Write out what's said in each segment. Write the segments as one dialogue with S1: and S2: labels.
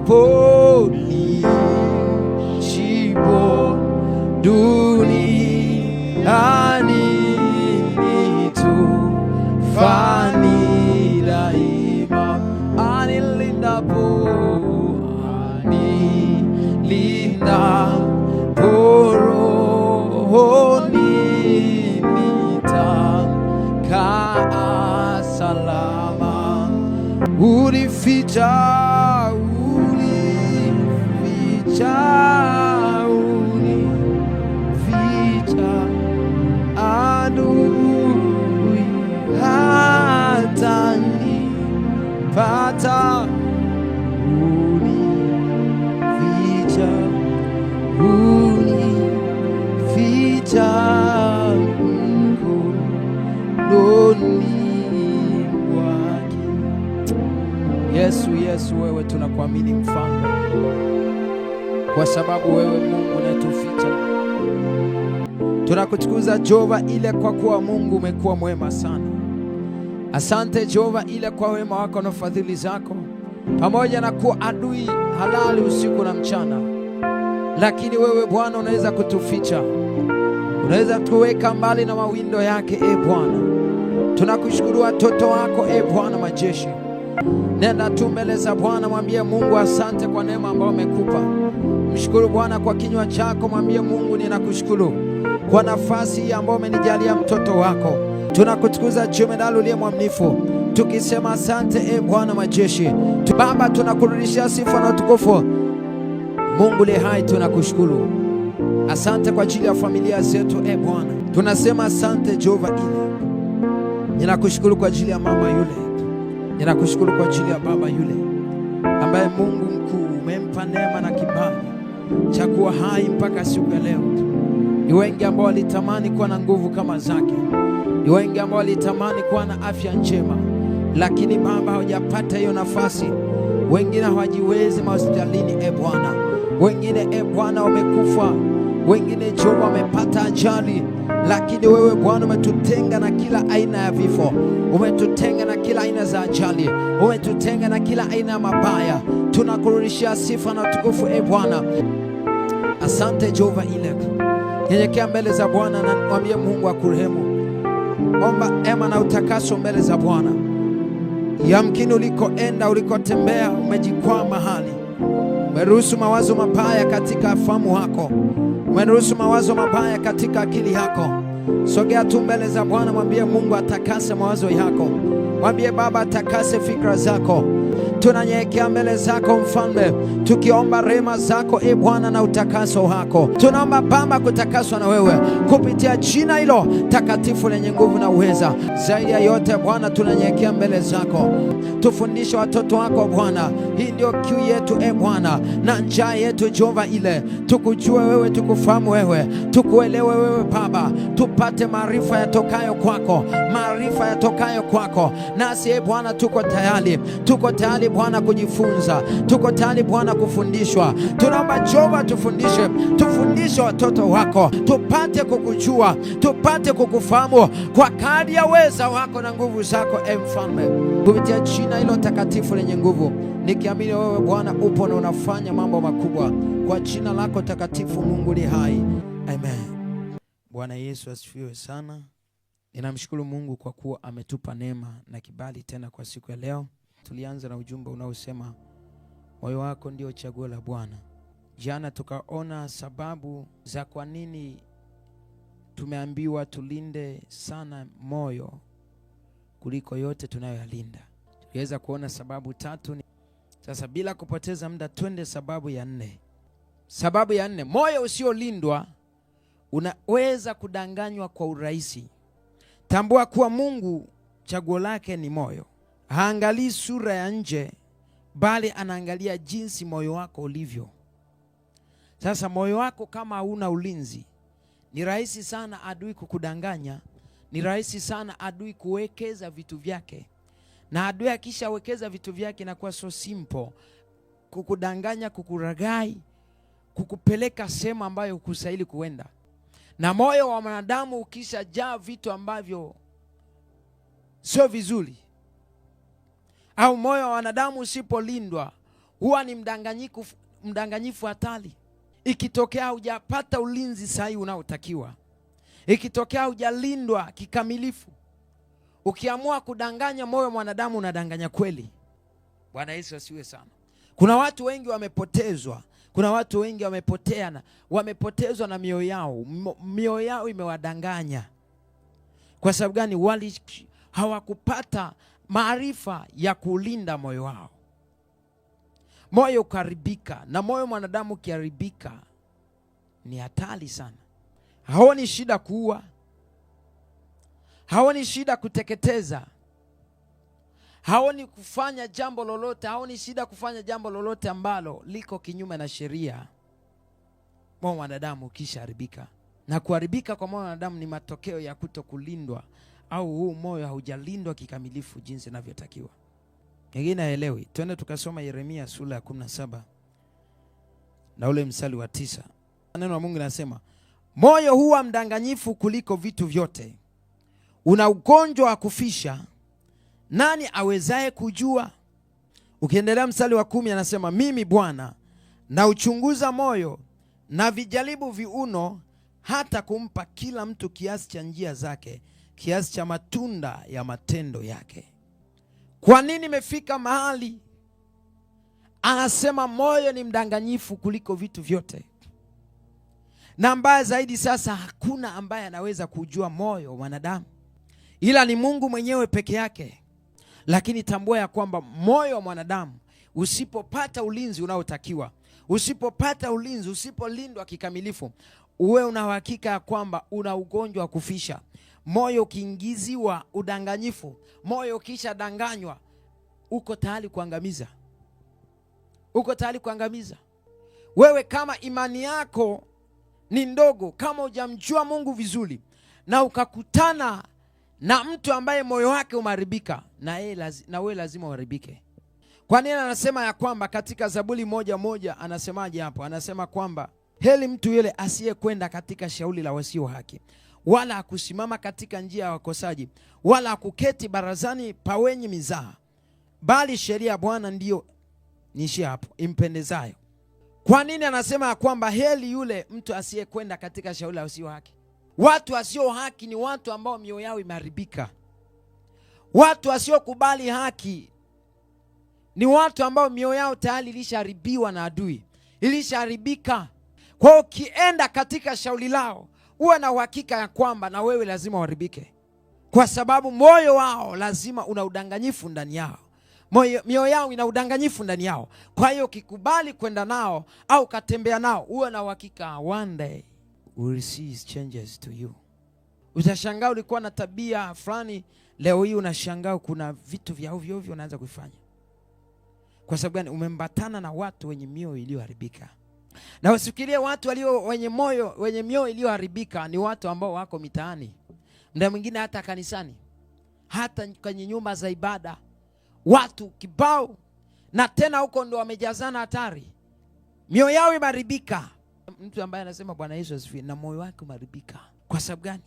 S1: Shiboni, Shibo, Duni, Ani, Tu, Fani, Daima, Ani, Linda, Po, Ani, Linda, Poro, Honi, Nita, Ka, Salama, Urificha. unificha adui hatanipata, unificha unificha mkononi mwake. Yesu, Yesu, wewe tunakuamini mfano kwa sababu wewe Mungu unatuficha. Tunakutukuza Jehova ile, kwa kuwa Mungu umekuwa mwema sana. Asante Jehova ile kwa wema wako na fadhili zako, pamoja na kuwa adui halali usiku na mchana, lakini wewe Bwana unaweza kutuficha, unaweza tuweka mbali na mawindo yake. E Bwana, tunakushukuru watoto wako e Bwana majeshi. Nenda tu mbele za Bwana, mwambie Mungu asante kwa neema ambayo amekupa. Mshukuru Bwana kwa kinywa chako, mwambie Mungu, ninakushukuru kwa nafasi hii ambayo umenijalia mtoto wako. Tunakutukuza jemedali uliye mwaminifu, tukisema asante e Bwana majeshi. Baba, tunakurudishia sifa na utukufu. Mungu le hai, tunakushukuru. Asante kwa ajili ya familia zetu e Bwana, tunasema asante Jehova ile. Ninakushukuru kwa ajili ya mama yule, ninakushukuru kwa ajili ya baba yule ambaye Mungu mkuu umempa neema na kibali cha kuwa hai mpaka siku ya leo. Ni wengi ambao walitamani kuwa na nguvu kama zake, ni wengi ambao walitamani kuwa na afya njema, lakini Baba, hawajapata hiyo nafasi. Wengine hawajiwezi mahospitalini, e Bwana, wengine e Bwana wamekufa, wengine Jehova wamepata ajali lakini wewe Bwana umetutenga na kila aina ya vifo, umetutenga na kila aina za ajali, umetutenga na kila aina ya mabaya. Tunakurudishia sifa na tukufu, e Bwana. Asante Jehova ile. Nyenyekea mbele za Bwana na mwambie Mungu akurehemu. Omba ema na utakaso mbele za Bwana. Yamkini ulikoenda, ulikotembea, umejikwaa mahali. Umeruhusu mawazo mabaya katika fahamu yako, umeruhusu mawazo mabaya katika akili yako. Sogea tu mbele za Bwana, mwambie Mungu atakase mawazo yako. Mwambie Baba, takase fikra zako. tunanyekea mbele zako Mfalme, tukiomba rehema zako e Bwana na utakaso wako. Tunaomba Baba kutakaswa na wewe kupitia jina hilo takatifu lenye nguvu na uweza. Zaidi ya yote Bwana, tunanyekea mbele zako. Tufundishe watoto wako Bwana, hii ndio kiu yetu e Bwana na njaa yetu Jehova, ile tukujue wewe, tukufahamu wewe, tukuelewe wewe Baba, tupate maarifa yatokayo kwako, maarifa yatokayo kwako nasi e Bwana, tuko tayari, tuko tayari Bwana kujifunza, tuko tayari Bwana kufundishwa. Tunaomba Jova, tufundishe, tufundishe watoto wako, tupate kukujua, tupate kukufahamu kwa kadri ya weza wako na nguvu zako, e Mfalme, kupitia jina hilo takatifu lenye nguvu, nikiamini wewe Bwana upo na unafanya mambo makubwa kwa jina lako takatifu. Mungu li hai, amen. Bwana Yesu asifiwe sana. Ninamshukuru Mungu kwa kuwa ametupa neema na kibali tena kwa siku ya leo. Tulianza na ujumbe unaosema moyo wako ndio chaguo la Bwana. Jana tukaona sababu za kwa nini tumeambiwa tulinde sana moyo kuliko yote tunayoyalinda. Tuliweza kuona sababu tatu. Sasa bila kupoteza muda, twende sababu ya nne. Sababu ya nne, moyo usiolindwa unaweza kudanganywa kwa urahisi. Tambua kuwa Mungu chaguo lake ni moyo. Haangalii sura ya nje, bali anaangalia jinsi moyo wako ulivyo. Sasa moyo wako kama hauna ulinzi, ni rahisi sana adui kukudanganya, ni rahisi sana adui kuwekeza vitu vyake, na adui akishawekeza vitu vyake inakuwa so simple kukudanganya, kukuragai, kukupeleka sehemu ambayo hukustahili kuenda. Na moyo wa mwanadamu ukishajaa vitu ambavyo sio vizuri, au moyo wa wanadamu usipolindwa, huwa ni mdanganyifu, mdanganyifu hatari. Ikitokea hujapata ulinzi sahihi unaotakiwa, ikitokea hujalindwa kikamilifu, ukiamua kudanganya moyo mwanadamu unadanganya kweli. Bwana Yesu asiwe sana. Kuna watu wengi wamepotezwa kuna watu wengi wamepotea na wamepotezwa na mioyo yao, mioyo yao imewadanganya. Kwa sababu gani? Wali hawakupata maarifa ya kulinda moyo wao, moyo ukaharibika. Na moyo mwanadamu ukiharibika ni hatari sana. Haoni shida kuua, haoni shida kuteketeza haoni kufanya jambo lolote, haoni shida kufanya jambo lolote ambalo liko kinyume na sheria moyo wanadamu ukishaharibika. Na kuharibika kwa moyo wanadamu ni matokeo ya kuto kulindwa, au huu moyo haujalindwa kikamilifu jinsi inavyotakiwa. Ingine haelewi. Twende tukasoma Yeremia sura ya 17 na ule msali wa tisa. Neno la Mungu linasema moyo huwa mdanganyifu kuliko vitu vyote, una ugonjwa wa kufisha nani awezaye kujua? Ukiendelea mstari wa kumi anasema mimi Bwana nauchunguza moyo na vijaribu viuno, hata kumpa kila mtu kiasi cha njia zake, kiasi cha matunda ya matendo yake. Kwa nini imefika mahali anasema moyo ni mdanganyifu kuliko vitu vyote, na mbaya zaidi, sasa hakuna ambaye anaweza kujua moyo wanadamu, ila ni Mungu mwenyewe peke yake. Lakini tambua ya kwamba moyo wa mwanadamu usipopata ulinzi unaotakiwa, usipopata ulinzi, usipolindwa kikamilifu, uwe una uhakika ya kwamba una ugonjwa wa kufisha. Moyo ukiingiziwa udanganyifu, moyo ukisha danganywa, uko tayari kuangamiza, uko tayari kuangamiza. Wewe kama imani yako ni ndogo, kama hujamjua Mungu vizuri na ukakutana na mtu ambaye moyo wake umeharibika na yeye lazi, na wewe lazima uharibike. Kwa nini anasema ya kwamba katika Zaburi moja moja anasemaje hapo? Anasema kwamba heli mtu yule asiyekwenda katika shauli la wasio haki, wala akusimama katika njia ya wakosaji, wala akuketi barazani pa wenye mizaha, bali sheria ya Bwana ndiyo niishie hapo, impendezayo. Kwa nini anasema ya kwamba heli yule mtu asiyekwenda katika shauli la wasio haki? Watu wasio haki ni watu ambao mioyo yao imeharibika. Watu wasiokubali haki ni watu ambao mioyo yao tayari ilishaharibiwa na adui, ilishaharibika. Kwa hiyo ukienda katika shauri lao, uwe na uhakika ya kwamba na wewe lazima uharibike, kwa sababu moyo wao lazima una udanganyifu ndani yao mioyo yao ina udanganyifu ndani yao. Kwa hiyo ukikubali kwenda nao au ukatembea nao, uwe na uhakika one day will see his changes to you. Utashangaa ulikuwa na tabia fulani, leo hii unashangaa kuna vitu vya ovyo ovyo unaanza kuifanya. Kwa sababu gani? Umembatana na watu wenye mioyo iliyoharibika. Na usikilie watu walio wenye moyo wenye mioyo iliyoharibika ni watu ambao wako mitaani, muda mwingine hata kanisani, hata kwenye nyumba za ibada, watu kibao, na tena huko ndo wamejazana hatari, mioyo yao imeharibika mtu ambaye anasema Bwana Yesu asifiwe na moyo wake umeharibika. Kwa sababu gani?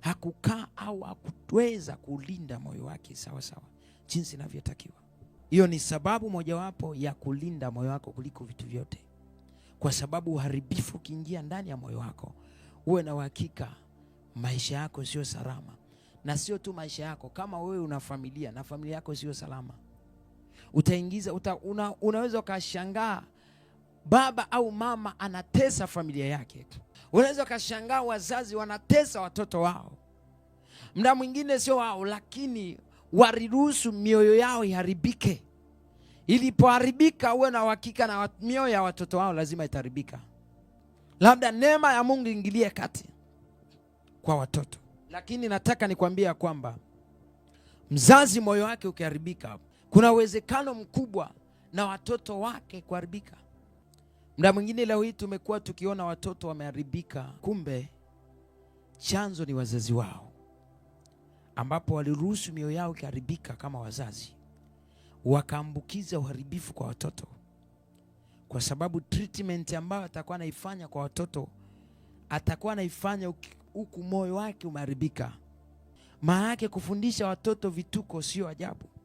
S1: Hakukaa au hakuweza kulinda moyo wake sawa sawa jinsi inavyotakiwa. Hiyo ni sababu mojawapo ya kulinda moyo wako kuliko vitu vyote, kwa sababu uharibifu ukiingia ndani ya moyo wako, uwe na uhakika maisha yako sio salama. Na sio tu maisha yako, kama wewe una familia na familia yako sio salama, utaingiza uta, una, unaweza ukashangaa baba au mama anatesa familia yake. Unaweza ukashangaa wazazi wanatesa watoto wao, mda mwingine sio wao, lakini waliruhusu mioyo yao iharibike. Ilipoharibika, uwe na uhakika na mioyo ya watoto wao lazima itaharibika. Labda neema ya Mungu ingilie kati kwa watoto, lakini nataka nikwambia kwamba mzazi moyo wake ukiharibika, kuna uwezekano mkubwa na watoto wake kuharibika. Mda mwingine leo hii tumekuwa tukiona watoto wameharibika, kumbe chanzo ni wazazi wao, ambapo waliruhusu mioyo yao ikiharibika kama wazazi, wakaambukiza uharibifu kwa watoto, kwa sababu treatment ambayo atakuwa anaifanya kwa watoto atakuwa anaifanya huku moyo wake umeharibika. Maana yake kufundisha watoto vituko sio ajabu.